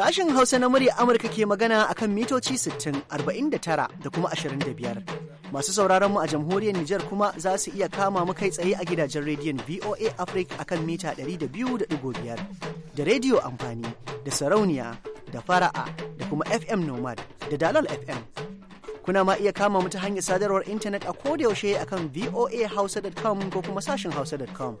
Sashen Hausa na murya Amurka ke magana akan mitoci 60, 49 da kuma 25. Masu sauraron mu a jamhuriyar Nijar kuma za su iya kama mu kai tsaye a gidajen rediyon VOA Africa akan mita 200.5 da rediyo amfani da sarauniya da fara'a da kuma FM Nomad da Dalal FM. Kuna ma iya kama mu ta hanyar sadarwar intanet a kodayaushe a kan voahausa.com ko kuma sashen hausa.com.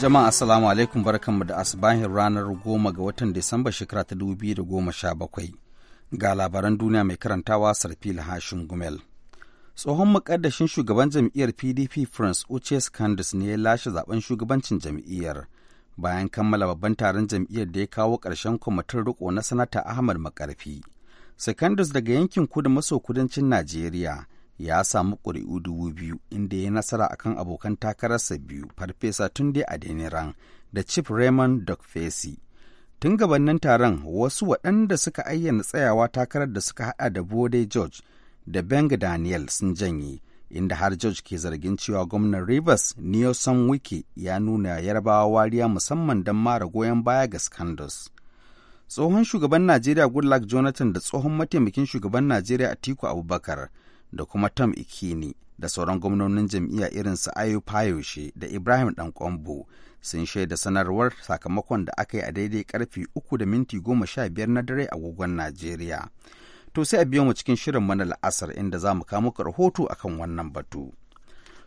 Jama'a assalamu alaikum barkanmu da asibahin ranar goma ga watan Disamba shekara ta da goma sha bakwai Ga labaran duniya mai karantawa Sarfil Hashin Gumel. Tsohon mukaddashin shugaban jam'iyyar PDP France Uches Candice ne ya lashe zaben shugabancin jam'iyyar bayan kammala babban taron jam'iyyar da ya kawo ƙarshen kwamitin riko na sanata Ahmad Makarfi. Secondus daga yankin kudu maso kudancin Najeriya ya samu ƙuri'u dubu biyu inda ya nasara akan abokan takararsa biyu farfesa tunde adeniran da chief raymond dokfesi tun gabanin taron wasu waɗanda suka ayyana tsayawa takarar da suka haɗa da bode george da beng daniel sun janye inda har george ke zargin cewa gwamnan rivers neoson wiki ya nuna yarbawa wariya musamman don mara goyon baya ga scandals tsohon shugaban najeriya goodluck jonathan da tsohon mataimakin shugaban najeriya atiku abubakar da kuma Tom Ikini da sauran gwamnonin jam'iyya irin su Ayu Fayoshe da Ibrahim kwambo sun shaida sanarwar sakamakon da aka yi a daidai karfe uku da minti goma sha biyar na dare agogon Najeriya. To sai a biyo mu cikin shirin mana la'asar inda za mu kawo muku rahoto akan wannan batu.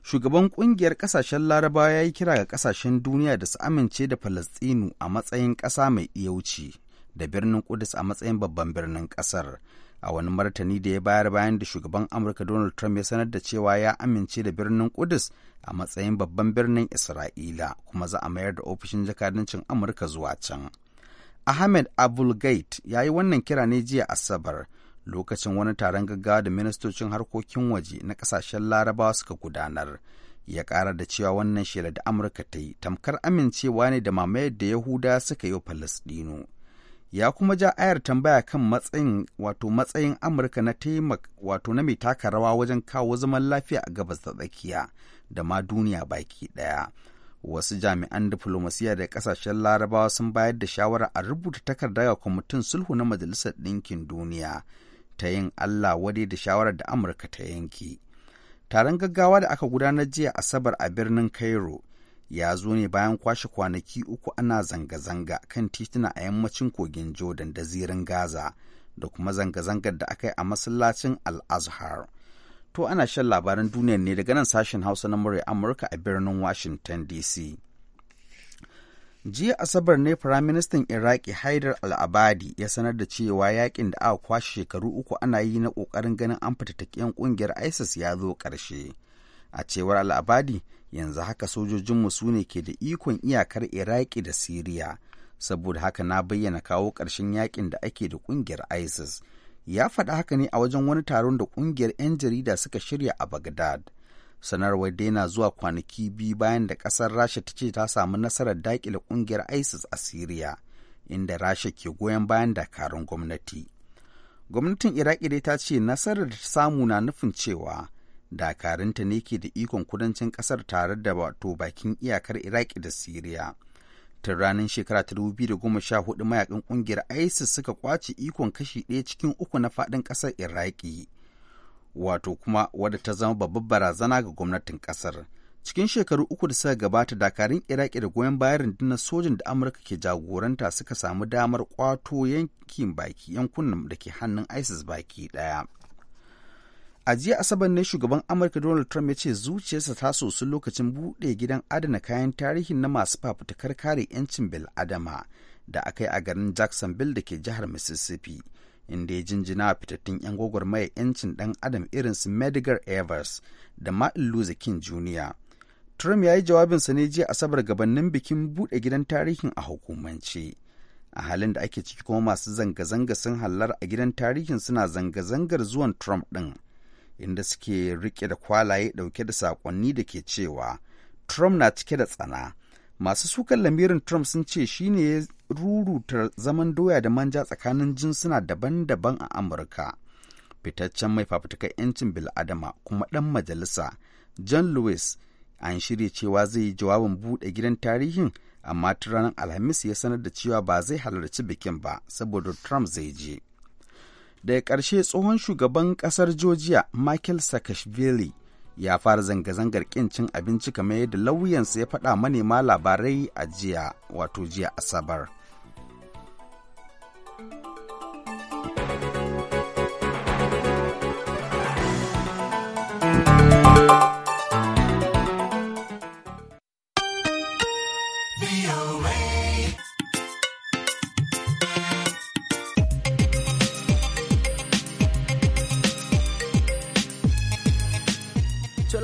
Shugaban kungiyar kasashen Larabawa ya yi kira ga kasashen duniya da su amince da Falastinu a matsayin ƙasa mai iyauci da birnin Kudus a matsayin babban birnin ƙasar. a wani martani da ya bayar bayan da shugaban amurka donald trump ya sanar da cewa ya amince da birnin kudus a matsayin babban birnin isra'ila kuma za a mayar da ofishin jakadancin amurka zuwa can ahmed abul ya yi wannan kira ne jiya asabar lokacin wani taron gaggawa da ministocin harkokin waje na kasashen larabawa suka gudanar ya kara da cewa wannan shela da amurka ta yi tamkar amincewa ne da mamayar da yahuda suka yi wa falasɗinu ya kuma ja ayar tambaya kan matsayin wato matsayin amurka na taimak wato na mai taka rawa wajen kawo zaman lafiya a gabas da tsakiya da ma duniya baki daya wasu jami'an diflomasiyya da kasashen larabawa sun bayar da shawara a rubuta takarda ga kwamitin sulhu na majalisar ɗinkin duniya ta yin allah wadai da shawarar da amurka ta yanki taron gaggawa da aka gudanar jiya asabar a birnin cairo ya zo ne bayan kwashe kwanaki uku ana zanga-zanga kan tituna a yammacin kogin jordan da zirin gaza da kuma zanga-zangar da aka yi a masallacin al-azhar to ana shan labaran duniya ne daga nan sashen hausa na murya amurka a birnin washington dc jiya asabar ne firaministan iraki haidar al-abadi ya sanar da cewa yakin da aka kwashe shekaru uku ana yi na kokarin ganin an yan kungiyar isis ya zo ƙarshe a cewar al-abadi yanzu haka sojojinmu su ne ke da ikon iyakar iraki da siriya saboda haka na bayyana kawo ƙarshen yakin da ake da ƙungiyar isis ya faɗa haka ne a wajen wani taron da ƙungiyar 'yan jarida suka shirya a bagdad sanarwar daina zuwa kwanaki biyu bayan da ƙasar rasha ta ce ta samu nasarar daƙile ƙungiyar isis a siriya inda rasha ke goyon bayan dakarun gwamnati gwamnatin iraki dai ta ce nasarar samu na nufin cewa dakarunta ne ke da ikon kudancin kasar tare da wato bakin iyakar iraki da siriya tun ranar shekara ta 2014 mayakan kungiyar isis suka kwace ikon kashi ɗaya cikin uku na faɗin ƙasar iraqi wato kuma wadda ta zama babbar barazana ga gwamnatin ƙasar cikin shekaru uku da suka gabata dakarun iraki da goyon bayan rundunar sojin da amurka ke jagoranta suka samu damar kwato yankin baki yankunan da ke hannun isis baki ɗaya a jiya asabar ne shugaban amurka donald trump ya ce zuciyarsa ta sosu lokacin buɗe gidan adana kayan tarihin na masu fafutukar kare 'yancin bil'adama da aka yi a garin jacksonville da ke jihar mississippi inda ya jinjina fitattun 'yan maye 'yancin ɗan adam irin su medgar evers da martin luther king jr trump ya yi jawabinsa ne jiya asabar gabanin bikin buɗe gidan tarihin a hukumance a halin da ake ciki kuma masu zanga-zanga sun hallar a gidan tarihin suna zanga-zangar zuwan trump ɗin inda suke rike da kwalaye dauke da sakonni da ke cewa Trump na cike da tsana. Masu sukan lamirin Trump sun ce shi ne ya ruruta zaman doya da manja tsakanin jinsuna daban-daban a Amurka. Fitaccen mai fafutukar 'yancin bil'adama kuma 'dan majalisa John Lewis an shirya cewa zai yi jawabin buɗe gidan tarihin amma ranar Alhamis ya sanar da cewa ba zai halarci bikin ba saboda Trump zai je. daga ƙarshe tsohon shugaban ƙasar georgia michael saakashvili ya fara zanga-zangar ƙin cin abinci kamar yadda lauyansa ya faɗa manema labarai a jiya wato jiya asabar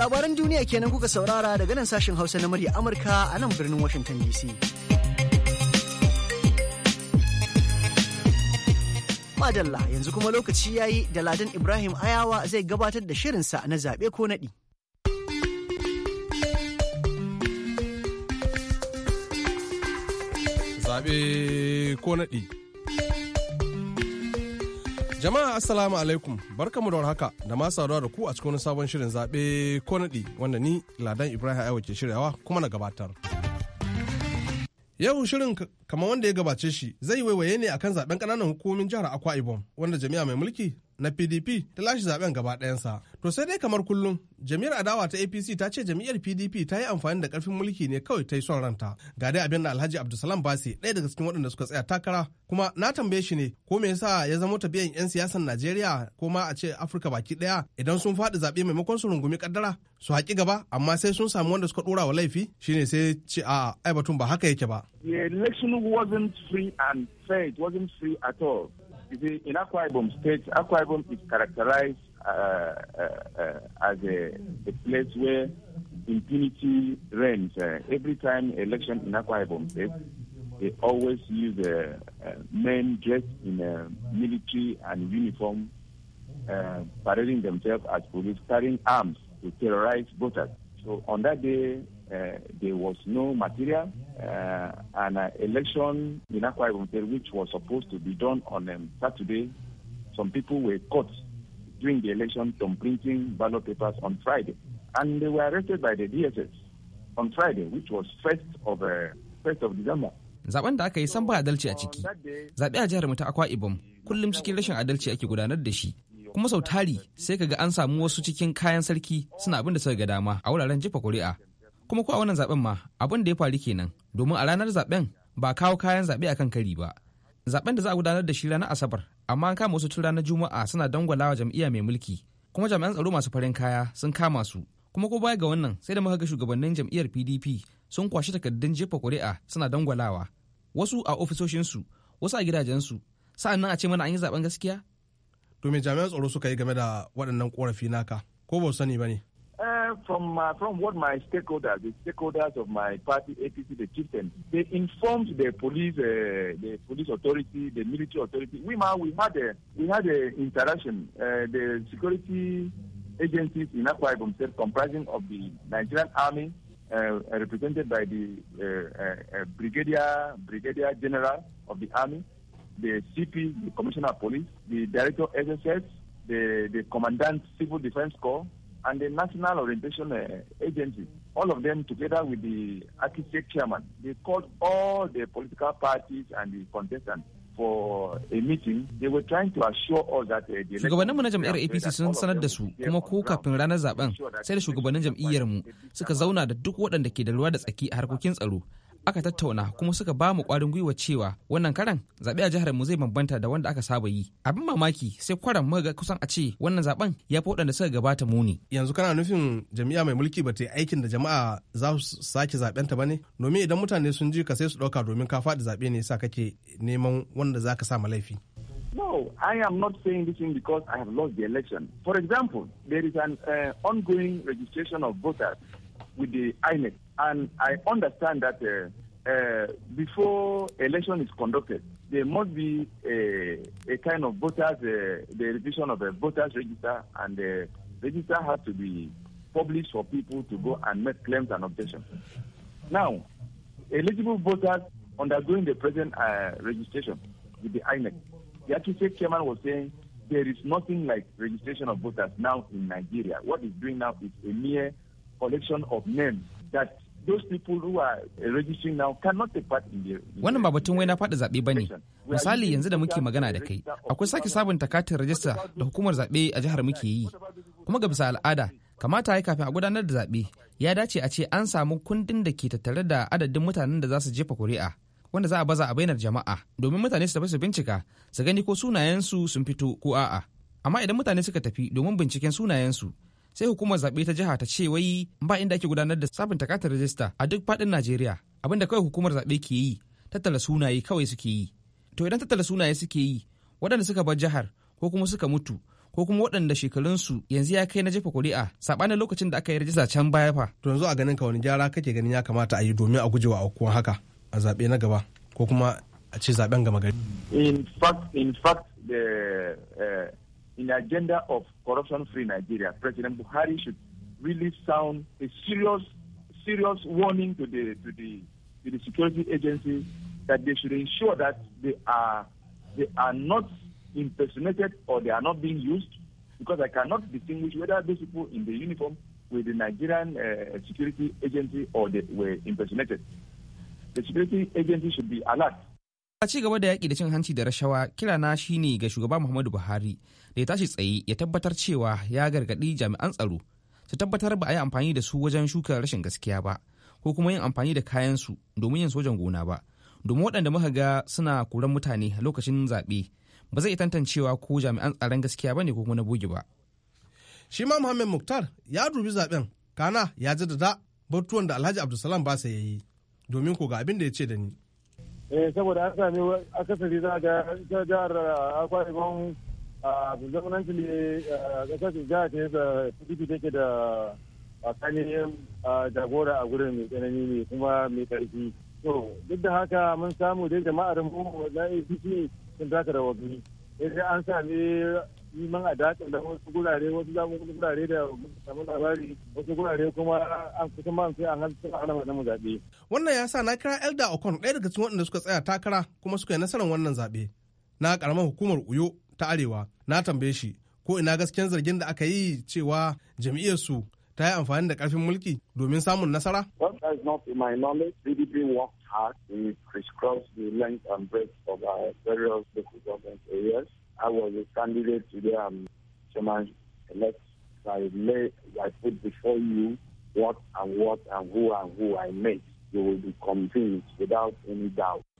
labaran duniya kenan kuka saurara daga nan sashen Hausa na murya Amurka a nan birnin Washington DC. Madalla yanzu kuma lokaci ya yi da Ladan Ibrahim Ayawa zai gabatar da shirinsa na zaɓe ko naɗi. Zaɓe ko naɗi. Jama'a Assalamu alaikum barkamu da haka da ma saduwa da ku a cikin sabon shirin zaɓe ko naɗi wanda ni Ladan Ibrahim Aiwa ke shiryawa kuma na gabatar. Yau shirin kamar wanda ya gabace shi zai waiwaye ne akan zaben ƙananan hukumomin jihar Akwa Ibom wanda jami'a mai mulki na pdp ta lashe zaben gaba ɗayansa to sai dai kamar kullum jami'ar adawa ta apc ta ce jami'ar pdp ta yi amfani da ƙarfin mulki ne kawai ta yi son ranta ga dai abin da alhaji abdulsalam basi ɗaya daga cikin waɗanda suka tsaya takara kuma na tambaye shi ne ko me yasa ya zama biyan yan siyasan najeriya ko ma a ce afirka baki ɗaya idan sun faɗi zaɓe maimakon su rungumi kaddara su haƙi gaba amma sai sun samu wanda suka ɗora wa laifi shine sai ce a ai batun ba haka yake ba. the election wasn't free and fair it wasn't free at all You see, in Akwa Ibom State, Akwa Ibom is characterized uh, uh, uh, as a, a, place where impunity reigns. Uh, every time election in Akwa Ibom State, they always use uh, men dressed in military and uniform, parading themselves as police, carrying arms to terrorize voters. So on that day, Uh, there was no material uh, and uh, election in Akwa Ibom State, which was supposed to be done on um, Saturday. Some people were caught during the election from printing ballot papers on Friday, and they were arrested by the DSS on Friday, which was first of uh, first of December. Zaben da aka yi san ba adalci a ciki. Zaɓe a jihar mu ta Akwa Ibom kullum cikin rashin adalci ake gudanar da shi. Kuma sau tari sai kaga an samu wasu cikin kayan sarki suna abin da suka ga dama a wuraren jefa kuri'a kuma ko a wannan zaben ma abin da ya faru kenan domin a ranar zaben ba kawo kayan zaɓe akan kari ba zaben da za a gudanar da shi ranar asabar amma an kama wasu tun ranar juma'a suna dangwalawa jam'iyya mai mulki kuma jami'an tsaro masu farin kaya sun kama su kuma ko baya ga wannan sai da muka ga shugabannin jam'iyyar pdp sun kwashi takardun jefa kuri'a suna dangwalawa wasu a ofisoshinsu wasu a gidajensu sa'an nan a ce mana an yi zaben gaskiya to me jami'an tsaro suka yi game da waɗannan korafi naka ko ba sani ba ne from uh, from what my stakeholders, the stakeholders of my party, APC, the chieftain, they informed the police, uh, the police authority, the military authority. We we had a we had a interaction. Uh, the security agencies in Akwa Ibom State, comprising of the Nigerian Army, uh, represented by the uh, uh, brigadier brigadier general of the army, the CP, the commissioner of police, the director of SSS, the the commandant civil defense corps and the National Orientation uh, Agency, all of them together with the architect chairman, they called all the political parties and the contestants for a meeting. They were trying to assure us that uh, the Shugabanninmu na jam'iyyar APC sun sanar da su kuma ko kafin ranar zaben sai da shugabannin mu suka zauna da duk waɗanda ke da ruwa da tsaki a harkokin tsaro aka tattauna kuma suka ba mu kwarin gwiwa cewa wannan karan zaɓe a jihar mu zai bambanta da wanda aka saba yi abin mamaki sai kwaran muka ga kusan a ce wannan zaben ya fi waɗanda suka gabata muni yanzu kana nufin jami'a mai mulki ba ta yi aikin da jama'a za su sake zaben ta ne domin idan mutane sun ji ka sai su ɗauka domin ka faɗi zaɓe ne sa kake neman wanda za ka sa ma laifi No, I am not saying this thing because I have lost the election. For example, there is an uh, ongoing registration of voters with the INEC. And I understand that uh, uh, before election is conducted, there must be a, a kind of voters, uh, the revision of a voters register, and the uh, register has to be published for people to go and make claims and objections. Now, eligible voters undergoing the present uh, registration with the INEC, the associate chairman was saying there is nothing like registration of voters now in Nigeria. What is being doing now is a mere collection of names that those people who are registering now cannot take part in the wannan ba batun wai na faɗi zaɓe ba ne misali yanzu da muke magana da kai akwai sake sabunta katin rajista da hukumar zaɓe a jihar muke yi kuma ga bisa al'ada kamata ya kafin a gudanar da zaɓe ya dace a ce an samu kundin da ke tattare da adadin mutanen da za su jefa kuri'a wanda za a baza a bainar jama'a domin mutane su tafi su bincika su gani ko sunayensu sun fito ko a'a amma idan mutane suka tafi domin binciken sunayensu sai hukumar zaɓe ta jiha ta ce wai ba inda ake gudanar da sabunta takatar rajista a duk faɗin Najeriya abinda kawai hukumar zaɓe ke yi tattala sunaye kawai suke yi to idan tattala sunaye suke yi waɗanda suka bar jihar ko kuma suka mutu ko kuma waɗanda shekarunsu yanzu ya kai na jefa kuri'a saɓanin lokacin da aka yi rajista can baya fa. To yanzu a ganin ka wani gyara kake ganin ya kamata a yi domin a gujewa aukuwan haka a zaɓe na gaba ko kuma a ce zaɓen gama gari. In fact, in fact the eh, in the agenda of corruption-free Nigeria, President Buhari should really sound a serious, serious warning to the to the to the security agencies that they should ensure that they are they are not impersonated or they are not being used, because I cannot distinguish whether these people in the uniform with the Nigerian uh, security agency or they were impersonated. The security agency should be alert a ci gaba da yaƙi da cin hanci da rashawa kira na ne ga shugaba muhammadu buhari da ya tashi tsaye ya tabbatar cewa ya gargaɗi jami'an tsaro su tabbatar ba a yi amfani da su wajen shuka rashin gaskiya ba ko kuma yin amfani da kayan su domin yin sojan gona ba domin waɗanda muka ga suna koran mutane lokacin zaɓe ba zai tantancewa ko jami'an tsaron gaskiya ba ne ko kuma na bogi ba. shi ma muhammed muktar ya dubi zaɓen kana ya jaddada batuwan da alhaji abdulsalam ba ya yi domin ko ga abin da ya ce da ni. eh saboda an sami akasari za ga ita jihar eh, akwai ibon a zamananci ne eh, kasar jihar ta yasa pdp take da tsakanin jagora a gurin mai tsanani ne kuma mai karfi to duk da haka mun samu dai jama'ar mu na apc sun taka da wabi idan an sami neman a dakan da wasu gurare wasu zamu wasu gurare da samu labari wasu gurare kuma an kusa man sai an halittar ana wannan zaɓe. Wannan ya sa na kira Elda Okon ɗaya daga cikin waɗanda suka tsaya takara kuma suka yi nasarar wannan zaɓe na ƙaramar hukumar Uyo ta Arewa na tambaye shi ko ina gaskiyan zargin da aka yi cewa jam'iyyar su ta yi amfani da ƙarfin mulki domin samun nasara? Well, that not in my knowledge. PDP worked hard. We crisscrossed the length and breadth of our various local government areas. I was a candidate today. I'm chairman elect. I made. I put before you what and what and who and who I made.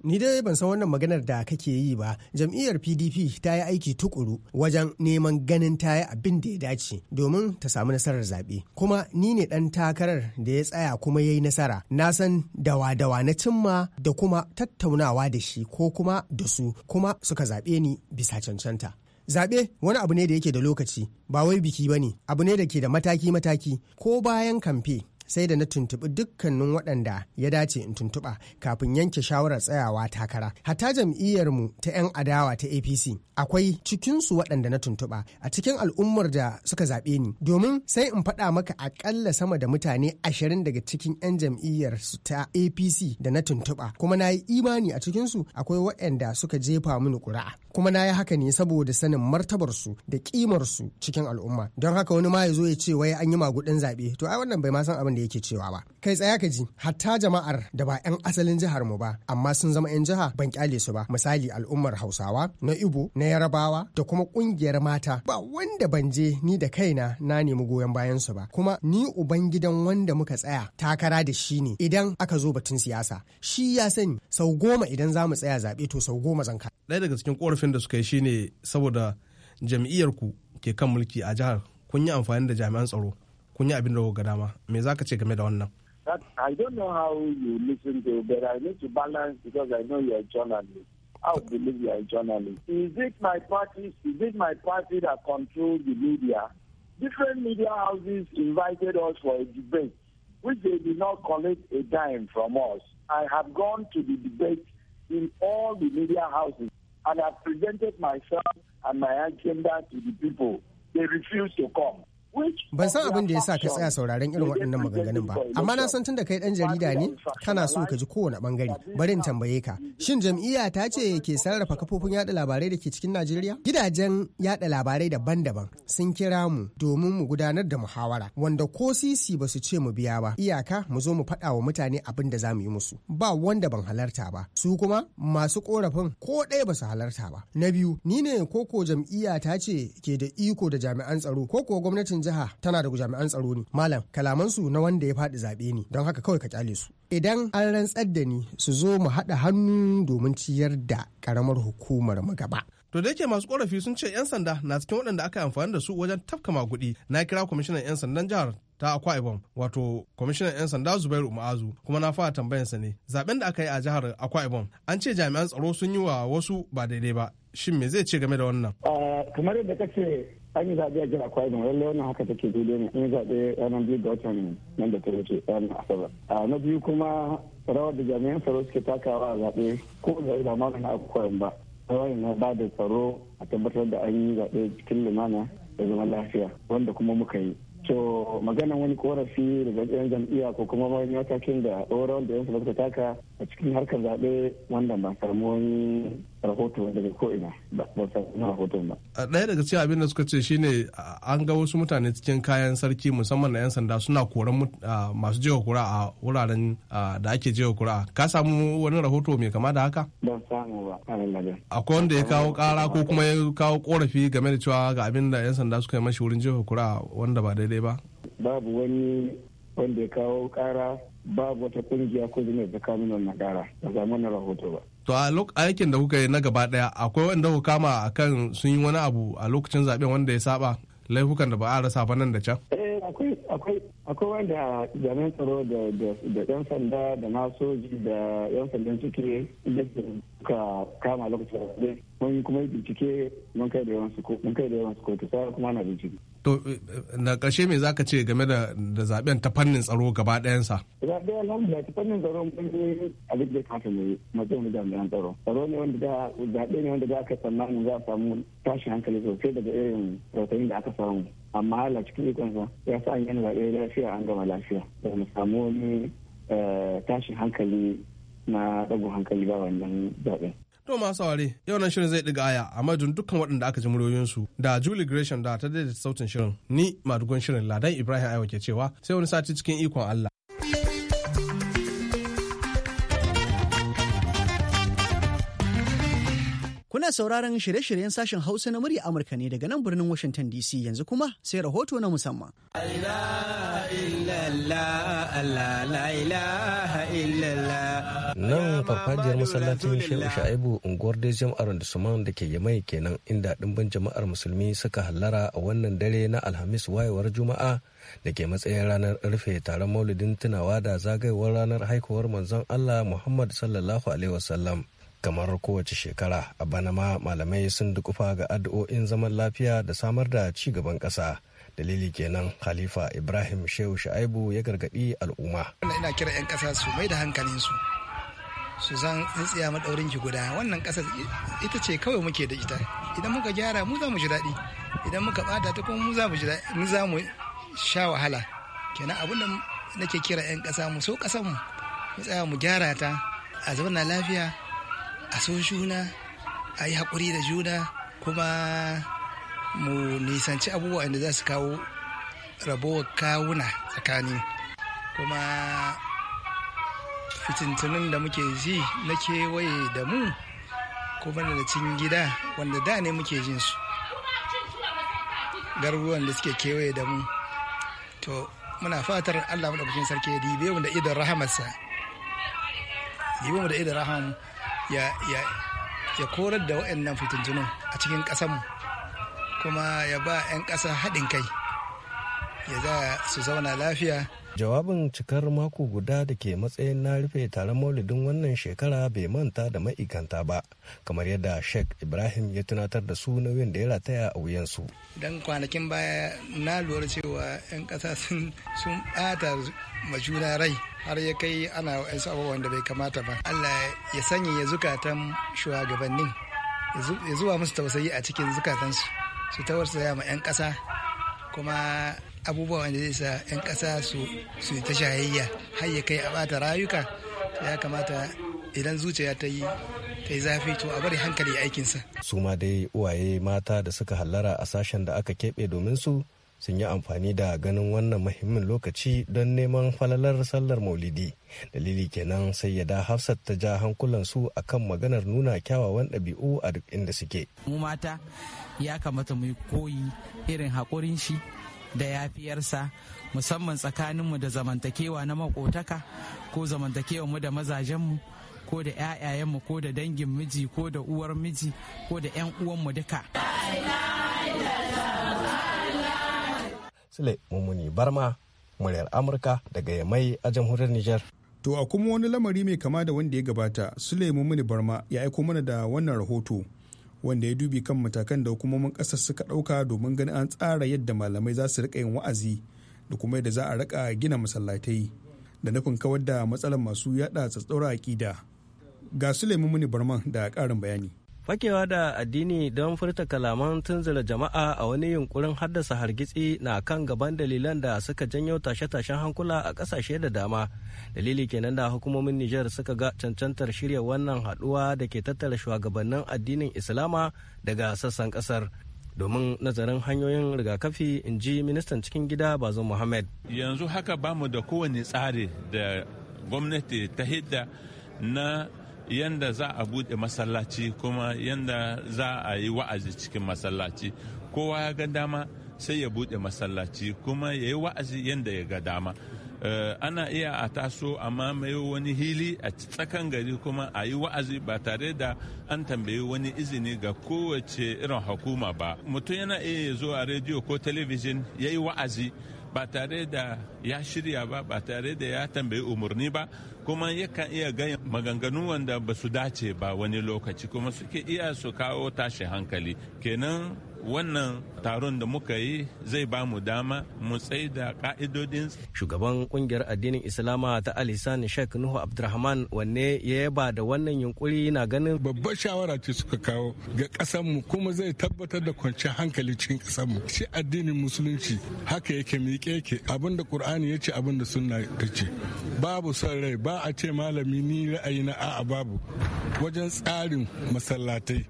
Ni dai ban san wannan maganar da kake yi ba, jam'iyyar PDP ta yi aiki tukuru wajen neman ganin ta yi abin da ya dace domin ta samu nasarar zaɓe. Kuma ni ne ɗan takarar da ya tsaya kuma ya yi nasara. Na san dawa-dawa na cimma da kuma tattaunawa da shi ko kuma da su kuma suka zaɓe ni bisa cancanta. Zaɓe wani abu ne da yake da lokaci, ba wai biki ba ne, abu ne da ke da mataki-mataki ko bayan kamfe sai da na tuntuɓi dukkanin waɗanda ya dace in tuntuɓa kafin yanke shawarar tsayawa takara. Hata jam'iyyar mu ta 'yan adawa ta APC akwai cikinsu waɗanda na tuntuɓa a cikin al'ummar da suka zaɓe ni domin sai in faɗa maka aƙalla sama da mutane ashirin daga cikin 'yan jam'iyyar su ta APC da na tuntuɓa kuma na yi imani a cikinsu akwai waɗanda suka jefa mini ƙuri'a. kuma na yi haka ne saboda sanin martabarsu da kimarsu cikin al'umma don haka wani ma ya zo ya ce wai an yi magudin zaɓe to ai wannan bai ma san abin da yake cewa ba kai tsaya ka ji hatta jama'ar da ba 'yan asalin jihar mu ba amma sun zama 'yan jiha ban kyale su ba misali al'ummar hausawa na ibo na yarabawa da kuma kungiyar mata ba wanda ban je ni da kaina na nemi goyon bayan su ba kuma ni ubangidan wanda muka tsaya takara da shi ne idan aka zo batun siyasa shi ya sani sau goma idan za mu tsaya zaɓe to sau goma zan ka ɗaya daga cikin da suka yi shine saboda jam'iyyar ku ke kan mulki a jihar kun yi amfani da jami'an tsaro kun yi abin da ga dama me ce game da wannan That, I don't know how you listen to, but I need to balance because I know you're a journalist. I believe you're a journalist. Is it my party? Is it my party that controls the media? Different media houses invited us for a debate, which they did not collect a dime from us. I have gone to the debate in all the media houses and I presented myself and my agenda to the people. They refused to come. ban san abin da ya sa ka tsaya sauraron irin waɗannan maganganun ba amma na san tun da kai ɗan jarida ne kana so ka ji kowane ɓangare Bari in tambaye ka shin jam'iyya ta ce ke sarrafa kafofin yaɗa labarai da ke cikin najeriya gidajen yaɗa labarai daban-daban sun kira mu domin mu gudanar da muhawara wanda ko sisi ba su ce mu biya ba iyaka mu zo mu faɗa wa mutane abin da za mu yi musu ba wanda ban halarta ba su kuma masu korafin ko ɗaya ba su halarta ba na biyu ni ne koko jam'iyya ta ce ke da iko da jami'an tsaro ko kuwa gwamnatin jiha tana da jami'an tsaro ne malam su na wanda ya faɗi zaɓe ne don haka kawai ka kyale su idan an rantsar da ni su zo mu haɗa hannu domin ciyar da ƙaramar hukumar mu gaba to da yake masu korafi sun ce 'yan sanda na cikin waɗanda aka amfani da su wajen tafka maguɗi na kira kwamishinan 'yan sandan jihar ta akwa ibom wato kwamishinan 'yan sanda zubairu ma'azu kuma na fara sa ne zaben da aka yi a jihar akwa ibom an ce jami'an tsaro sun yi wa wasu ba daidai ba shin me zai ce game da wannan kamar yadda ce an yi zaɓe a jira kwai da wani wannan haka take dole ne an yi zaɓe ranar biyu da watan nan da ta wuce ranar asabar na biyu kuma rawar da jami'an tsaro suke takawa a zaɓe ko da ba ma na akwai ba rawar na ba da tsaro a tabbatar da an yi zaɓe cikin lumana da zaman lafiya wanda kuma muka yi to maganan wani korafi daga yan jam'iyya ko kuma wani matakin da overall da yan suka taka a cikin harkar zaɓe wanda ba samu wani rahoto daga ko'ina ba ba samu rahoto ba. ɗaya daga cikin abin da suka ce shine an ga wasu mutane cikin kayan sarki musamman na 'yan sanda suna koran masu jewa kura a wuraren da ake jewa kura ka samu wani rahoto mai kama da haka? ban samu ba akwai wanda ya kawo kara ko kuma ya kawo korafi game da cewa ga abin da 'yan sanda suka yi mashi wurin jewa kura wanda ba daidai ba? babu wani wanda ya kawo kara babu wata kungiya ko da ta kawo mana kara ba zamanin rahoto ba. To a aikin da kuka yi na gaba daya akwai wanda ku kama akan sun yi wani abu a lokacin zaben wanda ya saba laifukan da ba a rasa ba nan da can? Eh, akwai wanda jami'an tsaro da yan sanda da masoji da yan sandan suke da suka kama lokacin da mun kuma bincike mun kai da yawan su kotu sai kuma na bincike. To na ƙarshe me zaka ce game da zaben ta fannin tsaro gaba zaben Zaɓe da ta fannin tsaro mun yi abin da kasa ne matsayin jami'an tsaro. Tsaro ne wanda zaɓe ne wanda za ka tsammanin za a samu tashi hankali sosai daga irin rautayin da aka samu. Amma la cikin sa, ya sa an yi zaɓe lafiya an gama lafiya. Da mu samu wani eh, tashi hankali na ɗago hankali ba wannan zaɓen. masu ware yau nan shirin zai ɗiga aya a madadin dukkan waɗanda aka ji muryoyinsu da Julie Gresham da ta daidaita sautin shirin ni madugon shirin Ladan Ibrahim Aiwa ke cewa sai wani sati cikin ikon Allah. Kuna sauraron shirye-shiryen sashen Hausa na murya Amurka ne daga nan birnin Washington DC yanzu kuma sai rahoto na musamman. Allah illallah Allah la ilaha illallah nan farfajiyar masallacin shehu sha'ibu unguwar dai jama'ar da ke yamai kenan inda dimbin jama'ar musulmi suka hallara a wannan dare na alhamis wayewar juma'a da ke matsayin ranar rufe taron maulidin tunawa da zagayewar ranar haihuwar manzon allah muhammad sallallahu alaihi wasallam kamar kowace shekara a bana ma malamai sun dukufa ga addu'o'in zaman lafiya da samar da ci gaban ƙasa dalili kenan khalifa ibrahim shehu sha'ibu ya gargaɗi al'umma ina kira 'yan ƙasa su mai da hankalinsu su zan tsintsiya maɗaurin ki guda wannan ƙasa ita ce kawai muke da ita idan muka gyara mu za mu ji daɗi idan muka ɓata ta kuma mu za mu ji mu za mu sha wahala kenan abin da nake kira 'yan ƙasa mu so ƙasan mu mu tsaya mu gyara ta a zauna lafiya a so juna a yi haƙuri da juna kuma mu nisanci abubuwa da za su kawo rabuwar kawuna tsakani kuma fitintunin da muke ji na kewaye da mu kuma da cin gida wanda da ne muke jin su garuruwan da suke kewaye da mu to muna fatar allah maɗaukakin sarki ya dibe mu da idan rahamarsa dibe mu da idan raham ya ya ya korar da waɗannan fitintunin a cikin ƙasanmu kuma ya ba 'yan ƙasa haɗin kai ya za su zauna lafiya jawabin cikar mako guda da ke matsayin na rufe taron maulidin wannan shekara bai manta da ma'ikanta ba kamar yadda sheikh ibrahim ya tunatar da su nauyin da ya rataya a wuyansu dan kwanakin baya na lura cewa 'yan kasa sun ɓata majuna rai har ya kai ana wa'yansu abubuwan da bai kamata ba allah ya sanya ya zukatan shugabannin ya zuwa musu tausayi a cikin zukatansu su tausaya ma 'yan ƙasa kuma abubuwa wanda zai sa 'yan ƙasa su ta shayayya har ya kai a bata rayuka ya kamata idan zuciya ta yi ta yi zafi to a bari hankali aikinsa. su ma dai uwaye mata da suka hallara a sashen da aka keɓe domin su sun yi amfani da ganin wannan muhimmin lokaci don neman falalar sallar maulidi dalili kenan sai ya da hafsat ta ja hankulansu a kan maganar nuna kyawawan ɗabi'u a duk inda suke mu mata ya kamata mu yi koyi irin haƙurin shi da yafiyarsa musamman tsakaninmu da zamantakewa na makotaka ko zamantakewa mu da mazajenmu ko da 'ya'yayenmu ko da dangin miji ko da uwar miji ko da 'yan uwanmu duka. Sule Mumuni Barma, muryar Amurka daga Yamai a jamhuriyar Nijar. To a kuma wani lamari mai kama da wanda ya gabata, Sule Mumuni Barma ya aiko mana da wannan rahoto. wanda ya dubi kan matakan da hukumomin ƙasar suka ɗauka domin ganin an tsara yadda malamai za su riƙa yin wa'azi da kuma yadda za a riƙa gina masallatai da nufin kawar da matsalar masu yada tsatsaura aƙida ga su muni barman da ƙarin bayani Fakewa da addini don furta kalaman tunzura jama'a a wani yunkurin haddasa hargitsi na kan gaban dalilan da suka janyo tashe-tashen hankula a ƙasashe da dama. Dalili kenan da hukumomin Nijar suka ga cancantar shirya wannan haɗuwa da ke tattara shugabannin addinin Islama daga sassan ƙasar. domin nazarin hanyoyin rigakafi in ji ministan cikin gida bazo muhammad yanzu haka bamu da kowane tsari da gwamnati ta hidda na yanda za a buɗe masallaci kuma yanda za a yi wa'azi cikin masallaci kowa ya ga dama sai ya buɗe masallaci kuma ya yi wa'azi yanda ya ga dama eh, ana iya a taso amma mai wani hili a tsakan gari kuma a yi wa'azi ba tare da an tambayi wani izini ga kowace irin hukuma ba mutum yana iya ya zuwa rediyo ko talabijin ya yi wa'azi ba tare da ya shirya ba ba tare da ya tambayi umarni ba kuma yakan iya ganin maganganu wanda ba su dace ba wani lokaci kuma suke iya su kawo tashi hankali kenan wannan taron da muka yi zai ba mu dama mu tsaye da ka'idodin shugaban kungiyar addinin islama ta alisan sheikh nuhu abdulrahman wanne ya yaba da wannan yunkuri na ganin babbar shawara ce suka kawo ga kasan mu kuma zai tabbatar da kwanciyar hankali cikin kasan mu shi addinin musulunci haka yake miƙe yake abin da qur'ani ya ce abin da sunna ta ce babu son rai ba a ce malami ni ra'ayi na a'a babu wajen tsarin masallatai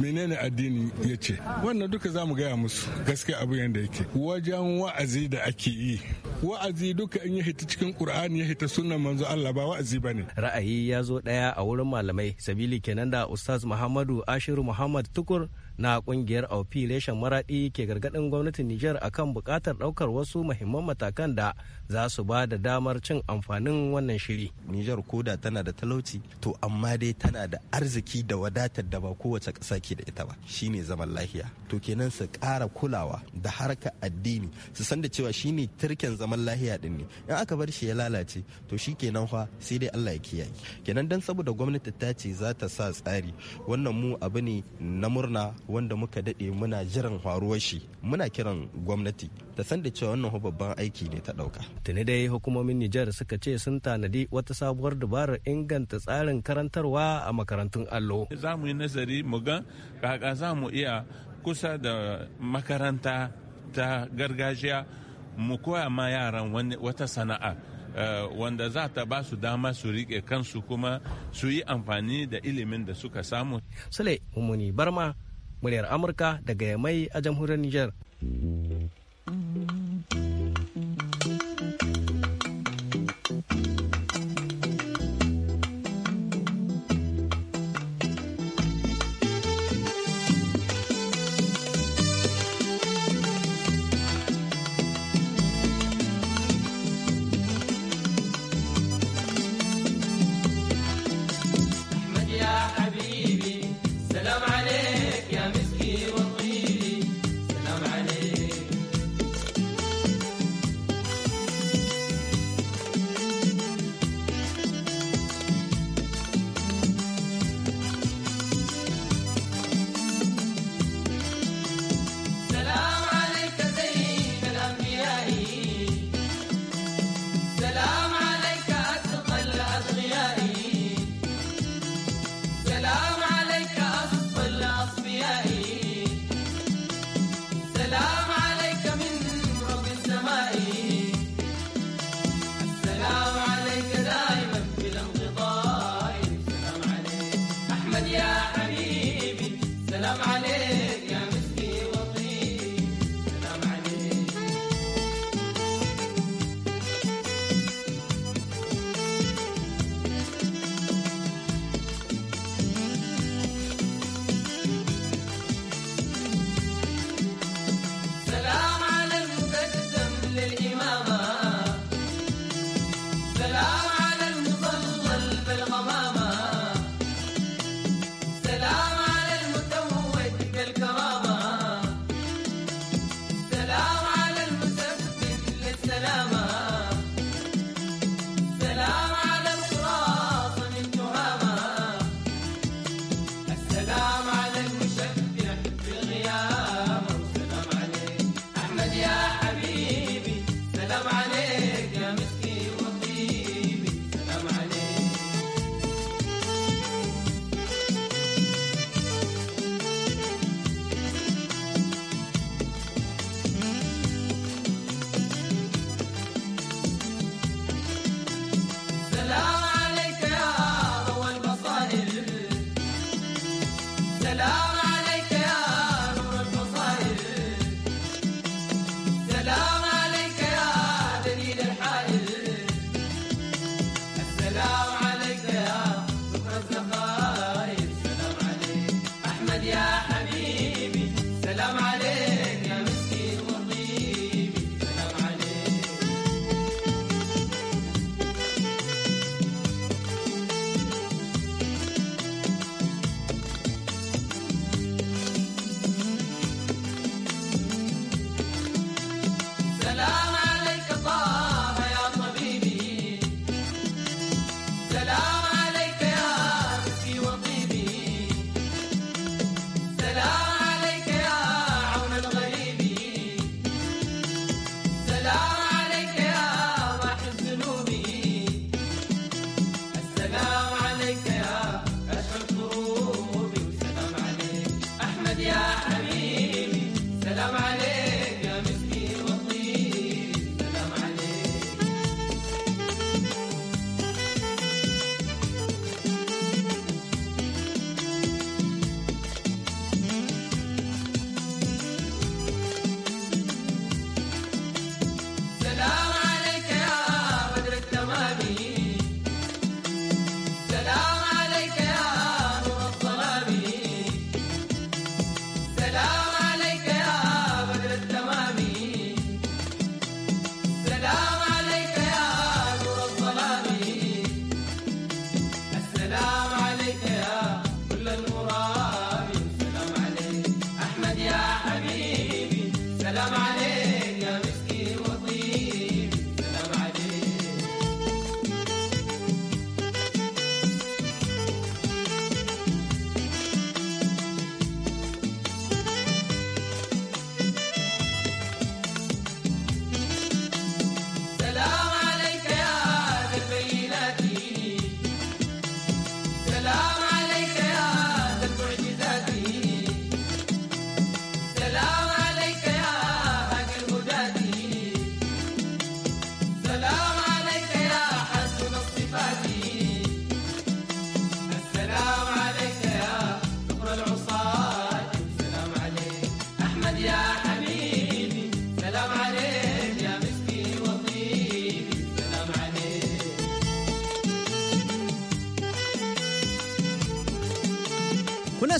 menene addini ya ce wannan duka za mu gaya musu gaskiya abu yadda yake wajen wa'azi da ake yi wa'azi duka in ya hita cikin qur'ani ya hita sunan manzo Allah ba wa'azi bane ra'ayi ya zo daya a wurin malamai sabili kenan da ustaz Muhammadu Ashiru Muhammad Tukur na kungiyar aufi reshen maradi ke gargadin gwamnatin Nijar akan bukatar daukar wasu muhimman matakan da za su ba da damar cin amfanin wannan shiri. Nijar koda tana da talauci to amma dai tana da arziki da wadatar da ba kowace ƙasa ke da ita ba shine zaman lafiya to kenan su ƙara kulawa da harkar addini su san da cewa shine turken zaman zaman lahiya din ne in aka bar shi ya lalace to shi kenan fa sai dai Allah ya kiyaye kenan dan saboda gwamnati ta ce za ta sa tsari wannan mu abu ne na murna wanda muka dade muna jiran faruwar shi muna kiran gwamnati ta san da cewa wannan babban aiki ne ta dauka tuni dai hukumomin Nijar suka ce sun tanadi wata sabuwar dabarar inganta tsarin karantarwa a makarantun allo za mu yi nazari mu ga kaka za mu iya kusa da makaranta ta gargajiya mu koya ma yaran wata sana'a eh, wanda za ta ba su dama su riƙe kansu kuma su yi amfani da ilimin da suka samu. Sule Umuni Barma, muryar Amurka daga Yamai a jamhuriyar Nijar. Mm.